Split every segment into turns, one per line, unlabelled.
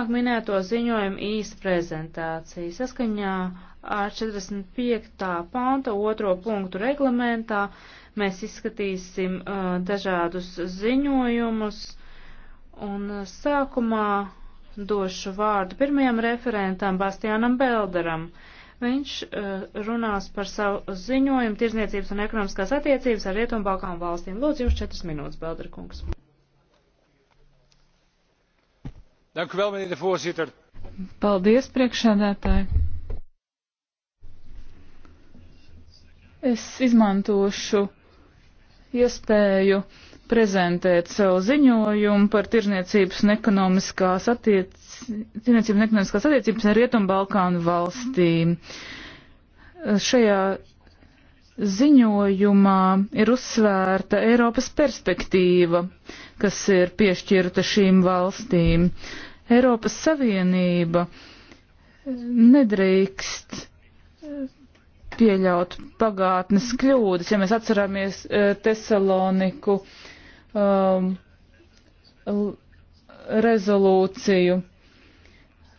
Turpmāk minēto ziņojumu īsta prezentācija. Saskaņā ar 45. panta otro punktu reglamentā mēs izskatīsim uh, dažādus ziņojumus un uh, sākumā došu vārdu pirmajam referentam Bastianam Belderam. Viņš uh, runās par savu ziņojumu tirzniecības un ekonomiskās attiecības ar Rietumbalkām valstīm. Lūdzu, jums
četras minūtes, Belderkungs. Dank u wel, meneer de voorzitter. Paldies, priekšsēdētāji. Es izmantošu iespēju prezentēt savu ziņojumu par tirzniecības un ekonomiskās, attiec... tirzniecības un ekonomiskās attiecības ar Rietumbalkānu valstīm. Šajā Ziņojumā ir uzsvērta Eiropas perspektīva, kas ir piešķirta šīm valstīm. Eiropas Savienība nedrīkst eh, pieļaut pagātnes kļūdas, ja mēs atceramies eh, Tesaloniku um, rezolūciju.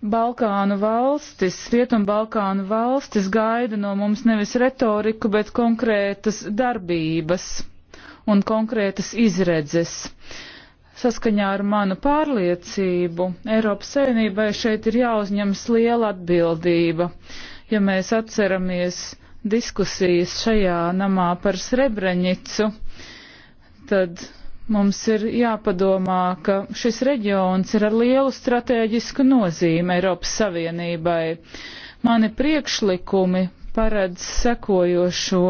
Balkānu valstis, Rietumbalkānu valstis gaida no mums nevis retoriku, bet konkrētas darbības un konkrētas izredzes. Saskaņā ar manu pārliecību Eiropas Savienībai šeit ir jāuzņemas liela atbildība. Ja mēs atceramies diskusijas šajā namā par Srebrenicu, tad Mums ir jāpadomā, ka šis reģions ir ar lielu strateģisku nozīmi Eiropas Savienībai. Mani priekšlikumi paredz sekojošo.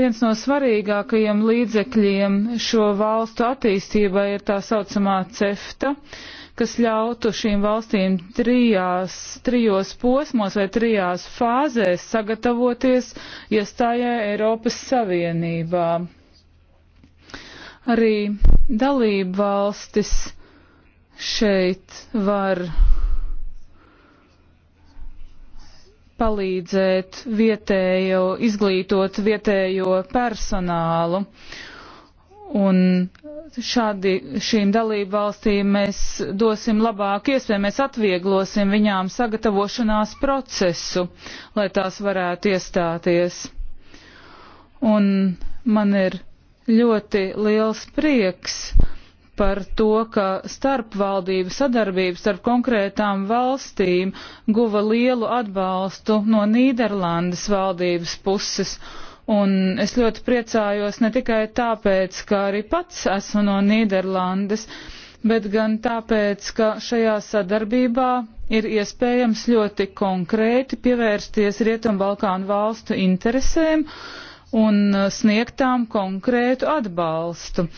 Viens no svarīgākajiem līdzekļiem šo valstu attīstībai ir tā saucamā cefta. Uh, kas ļautu šīm valstīm trijās, trijos posmos vai trijās fāzēs sagatavoties iestājai ja Eiropas Savienībā. Arī dalība valstis šeit var palīdzēt vietējo, izglītot vietējo personālu. Un šādi šīm dalību valstīm mēs dosim labāku iespēju, mēs atvieglosim viņām sagatavošanās procesu, lai tās varētu iestāties. Un man ir ļoti liels prieks par to, ka starpvaldību sadarbība starp konkrētām valstīm guva lielu atbalstu no Nīderlandes valdības puses Un es ļoti priecājos ne tikai tāpēc, ka arī pats esmu no Nīderlandes, bet gan tāpēc, ka šajā sadarbībā ir iespējams ļoti konkrēti pievērsties Rietumbalkānu valstu interesēm un sniegtām konkrētu atbalstu.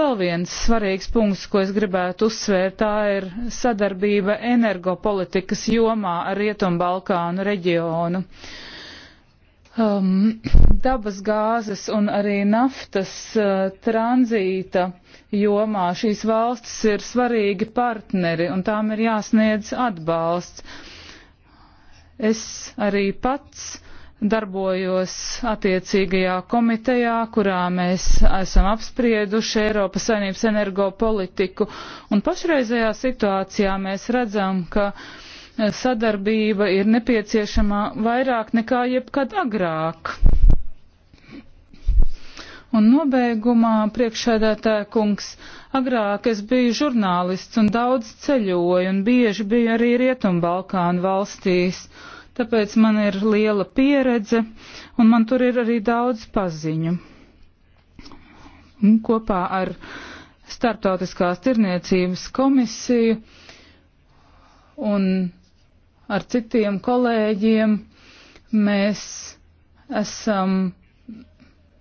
Vēl viens svarīgs punkts, ko es gribētu uzsvērt, tā ir sadarbība energopolitikas jomā ar Rietumbalkānu reģionu. Uh, um, dabas gāzes un arī naftas uh, tranzīta jomā šīs valstis ir svarīgi partneri un tām ir jāsniedz atbalsts. Es arī pats darbojos attiecīgajā komitejā, kurā mēs esam apsprieduši Eiropas Savienības energopolitiku, un pašreizējā situācijā mēs redzam, ka uh, sadarbība ir nepieciešama vairāk nekā jebkad agrāk. Un nobeigumā priekšsēdētāja kungs, agrāk es biju žurnālists un daudz ceļoju un bieži biju arī Rietumbalkānu valstīs, tāpēc man ir liela pieredze un man tur ir arī daudz paziņu. Un kopā ar Startautiskās tirniecības komisiju un ar citiem kolēģiem mēs esam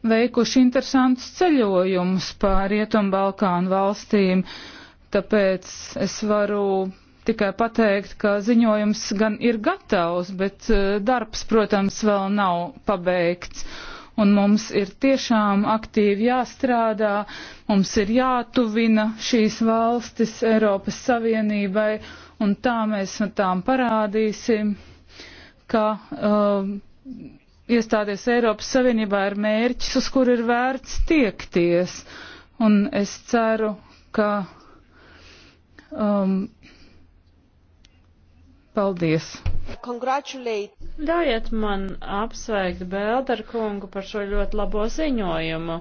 veikuši interesantus ceļojumus pa Rietumbalkānu valstīm, tāpēc es varu tikai pateikt, ka ziņojums gan ir gatavs, bet eh, darbs, protams, vēl nav pabeigts. Un mums ir tiešām aktīvi jāstrādā, mums ir jātuvina šīs valstis Eiropas Savienībai un tā mēs tām parādīsim, ka uh, um, iestāties Eiropas Savienībā ir mērķis, uz kur ir vērts tiekties. Un es ceru, ka. Um, Paldies!
Ļaujiet man apsveikt Bēlder kungu par šo ļoti labo ziņojumu.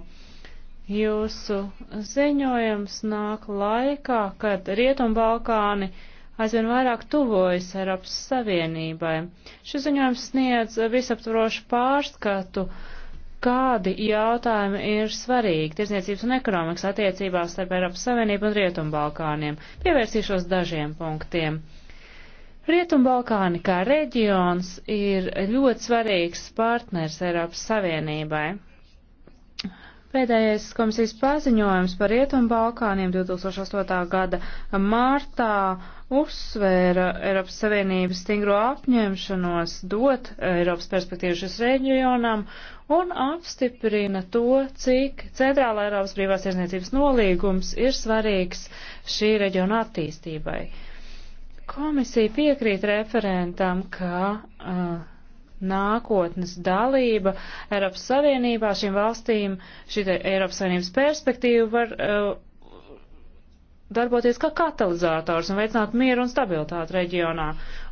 Jūsu ziņojums nāk laikā, kad Rietumbalkāni Balkāni aizvien vairāk tuvojas Eiropas Savienībai. Šis ziņojums sniedz visaptvarošu pārskatu, kādi jautājumi ir svarīgi tirzniecības un ekonomikas attiecībās starp Eiropas Savienību un Rietumbalkāniem. Pievērsīšos dažiem punktiem. Rietumbalkāni kā reģions ir ļoti svarīgs partners Eiropas Savienībai. Pēdējais komisijas paziņojums par Rietumbalkāniem 2008. gada martā uzsvēra Eiropas Savienības stingro apņemšanos dot Eiropas perspektīvu šis reģionam un apstiprina to, cik Centrāla Eiropas brīvās tiesniecības nolīgums ir svarīgs šī reģiona attīstībai. Komisija piekrīt referentam, ka uh, nākotnes dalība Eiropas Savienībā šīm valstīm, šī Eiropas Savienības perspektīva var uh, darboties kā katalizators un veicināt mieru un stabilitāti reģionā.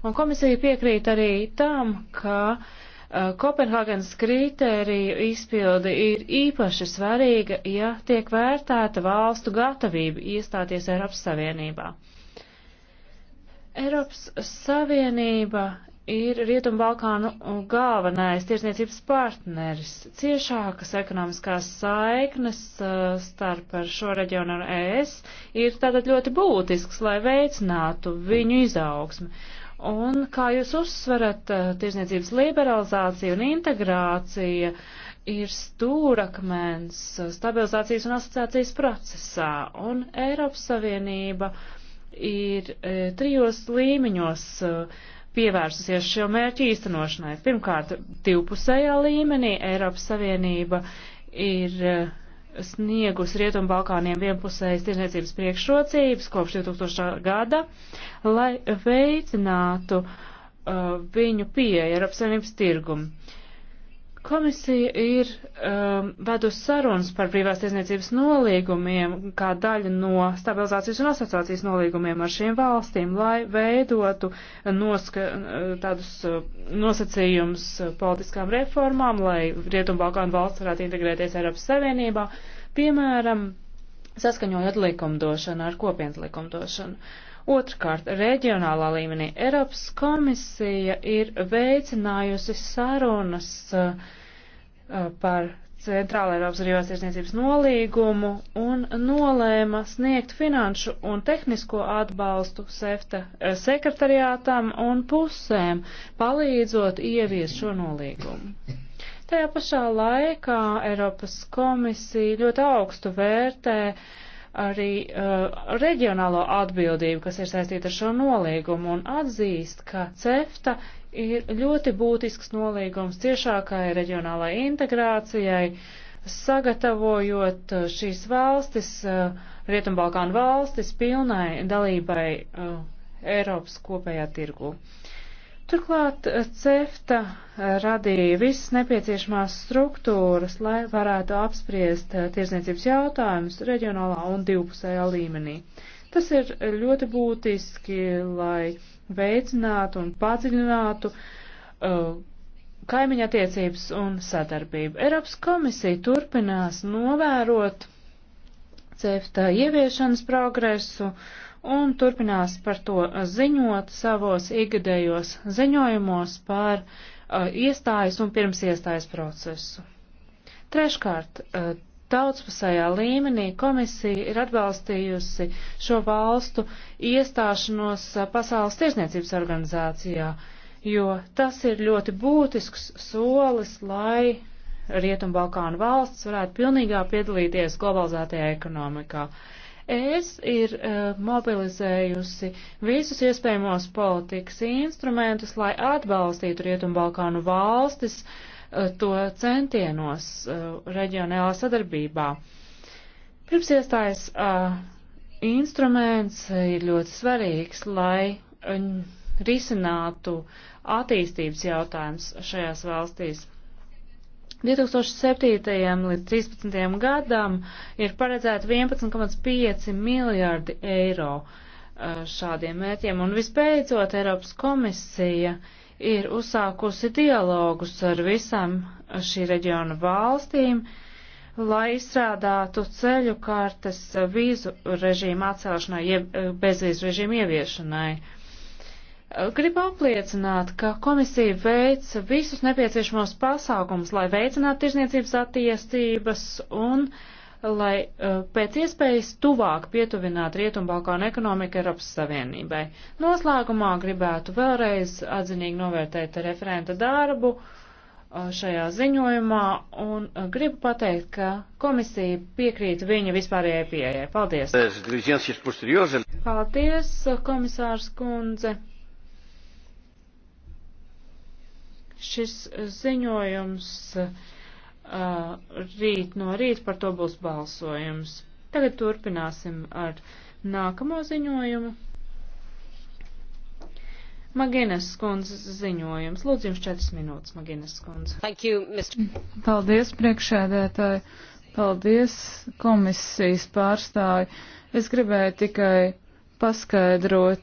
Un komisija piekrīt arī tam, ka uh, Kopenhāgenes kritēriju izpildi ir īpaši svarīga, ja tiek vērtēta valstu gatavība iestāties Eiropas Savienībā. Eiropas Savienība ir Rietumbalkānu galvenais tirsniecības partneris. Ciešākas ekonomiskās saiknes uh, starp šo reģionu un ES ir tātad ļoti būtisks, lai veicinātu viņu izaugsmi. Un kā jūs uzsverat, uh, tirsniecības liberalizācija un integrācija ir stūrakmens stabilizācijas un asociācijas procesā, un Eiropas Savienība ir e, trijos līmeņos e, pievērsusies šo mērķu īstenošanai. Pirmkārt, divpusējā līmenī Eiropas Savienība ir eh, sniegus Rietumbalkāniem vienpusējas tirzniecības priekšrocības kopš 2000. gada, lai veicinātu uh, viņu pieeja Eiropas Savienības tirgumu. Komisija ir um, vedus sarunas par brīvās tiesniecības nolīgumiem, kā daļa no stabilizācijas un asociācijas nolīgumiem ar šīm valstīm, lai veidotu noska, tādus uh, nosacījumus politiskām reformām, lai Rietumbalkānu valsts varētu integrēties Eiropas Savienībā. Piemēram, saskaņojot likumdošanu ar kopienas likumdošanu. Otrkārt, reģionālā līmenī Eiropas komisija ir veicinājusi sarunas uh, uh, par Centrāla Eiropas brīvās tirsniecības nolīgumu un nolēma sniegt finanšu un tehnisko atbalstu SEFTA uh, sekretariātam un pusēm, palīdzot ievies šo nolīgumu. Tajā pašā laikā Eiropas komisija ļoti augstu vērtē arī uh, reģionālo atbildību, kas ir saistīta ar šo nolīgumu, un atzīst, ka CEFTA ir ļoti būtisks nolīgums ciešākai reģionālai integrācijai, sagatavojot uh, šīs valstis, uh, Rietumbalkānu valstis, pilnai dalībai uh, Eiropas kopējā tirgu. Uh, Turklāt eh, CEFTA eh, radīja visas nepieciešamās struktūras, lai varētu apspriest eh, tirzniecības jautājumus reģionālā un divpusējā līmenī. Tas ir ļoti būtiski, lai veicinātu un padziļinātu uh, kaimiņa attiecības un sadarbību. Eiropas komisija turpinās novērot CEFTA ieviešanas progresu un turpinās par to ziņot savos ikgadējos ziņojumos par uh, iestājas un pirms iestājas procesu. Treškārt, uh, tautspasējā līmenī komisija ir atbalstījusi šo valstu iestāšanos uh, Pasaules tirsniecības organizācijā, jo tas ir ļoti būtisks solis, lai Rietumbalkānu valsts varētu pilnīgā piedalīties globalizētajā ekonomikā. Uh, Es ir uh, mobilizējusi visus iespējamos politikas instrumentus, lai atbalstītu Rietumbalkānu valstis uh, to centienos uh, reģionālā sadarbībā. Pirms iestājas uh, instruments ir ļoti svarīgs, lai uh, risinātu attīstības jautājums šajās valstīs. 2007. līdz 2013. gadam ir paredzēta 11,5 miljardi eiro šādiem mērķiem. Un visbeidzot, Eiropas komisija ir uzsākusi dialogus ar visām šī reģiona valstīm, lai izstrādātu ceļu kartes vīzu režīmu atcelšanai, jeb bezvīzu režīmu ieviešanai. Uh, Gribu apliecināt, ka komisija veic visus nepieciešamos pasākumus, lai veicinātu tirzniecības attiestības un lai uh, pēc iespējas tuvāk pietuvinātu Rietumbalkānu ekonomiku Eiropas Savienībai. Noslēgumā gribētu vēlreiz atzinīgi novērtēt referenta darbu uh, šajā ziņojumā un uh, gribu pateikt, ka komisija piekrīt viņa vispārējai pieejai. Paldies! Paldies, komisārs Kundze! Šis eh, ziņojums eh, rīt no rīta par to būs balsojums. Tagad turpināsim ar nākamo ziņojumu. Maginas skundzes ziņojums. Lūdzu, jums četras minūtes, Maginas skundze. Thank you,
Mr. Paldies, priekšēdētāji. Paldies, komisijas pārstāji. Es gribēju tikai paskaidrot,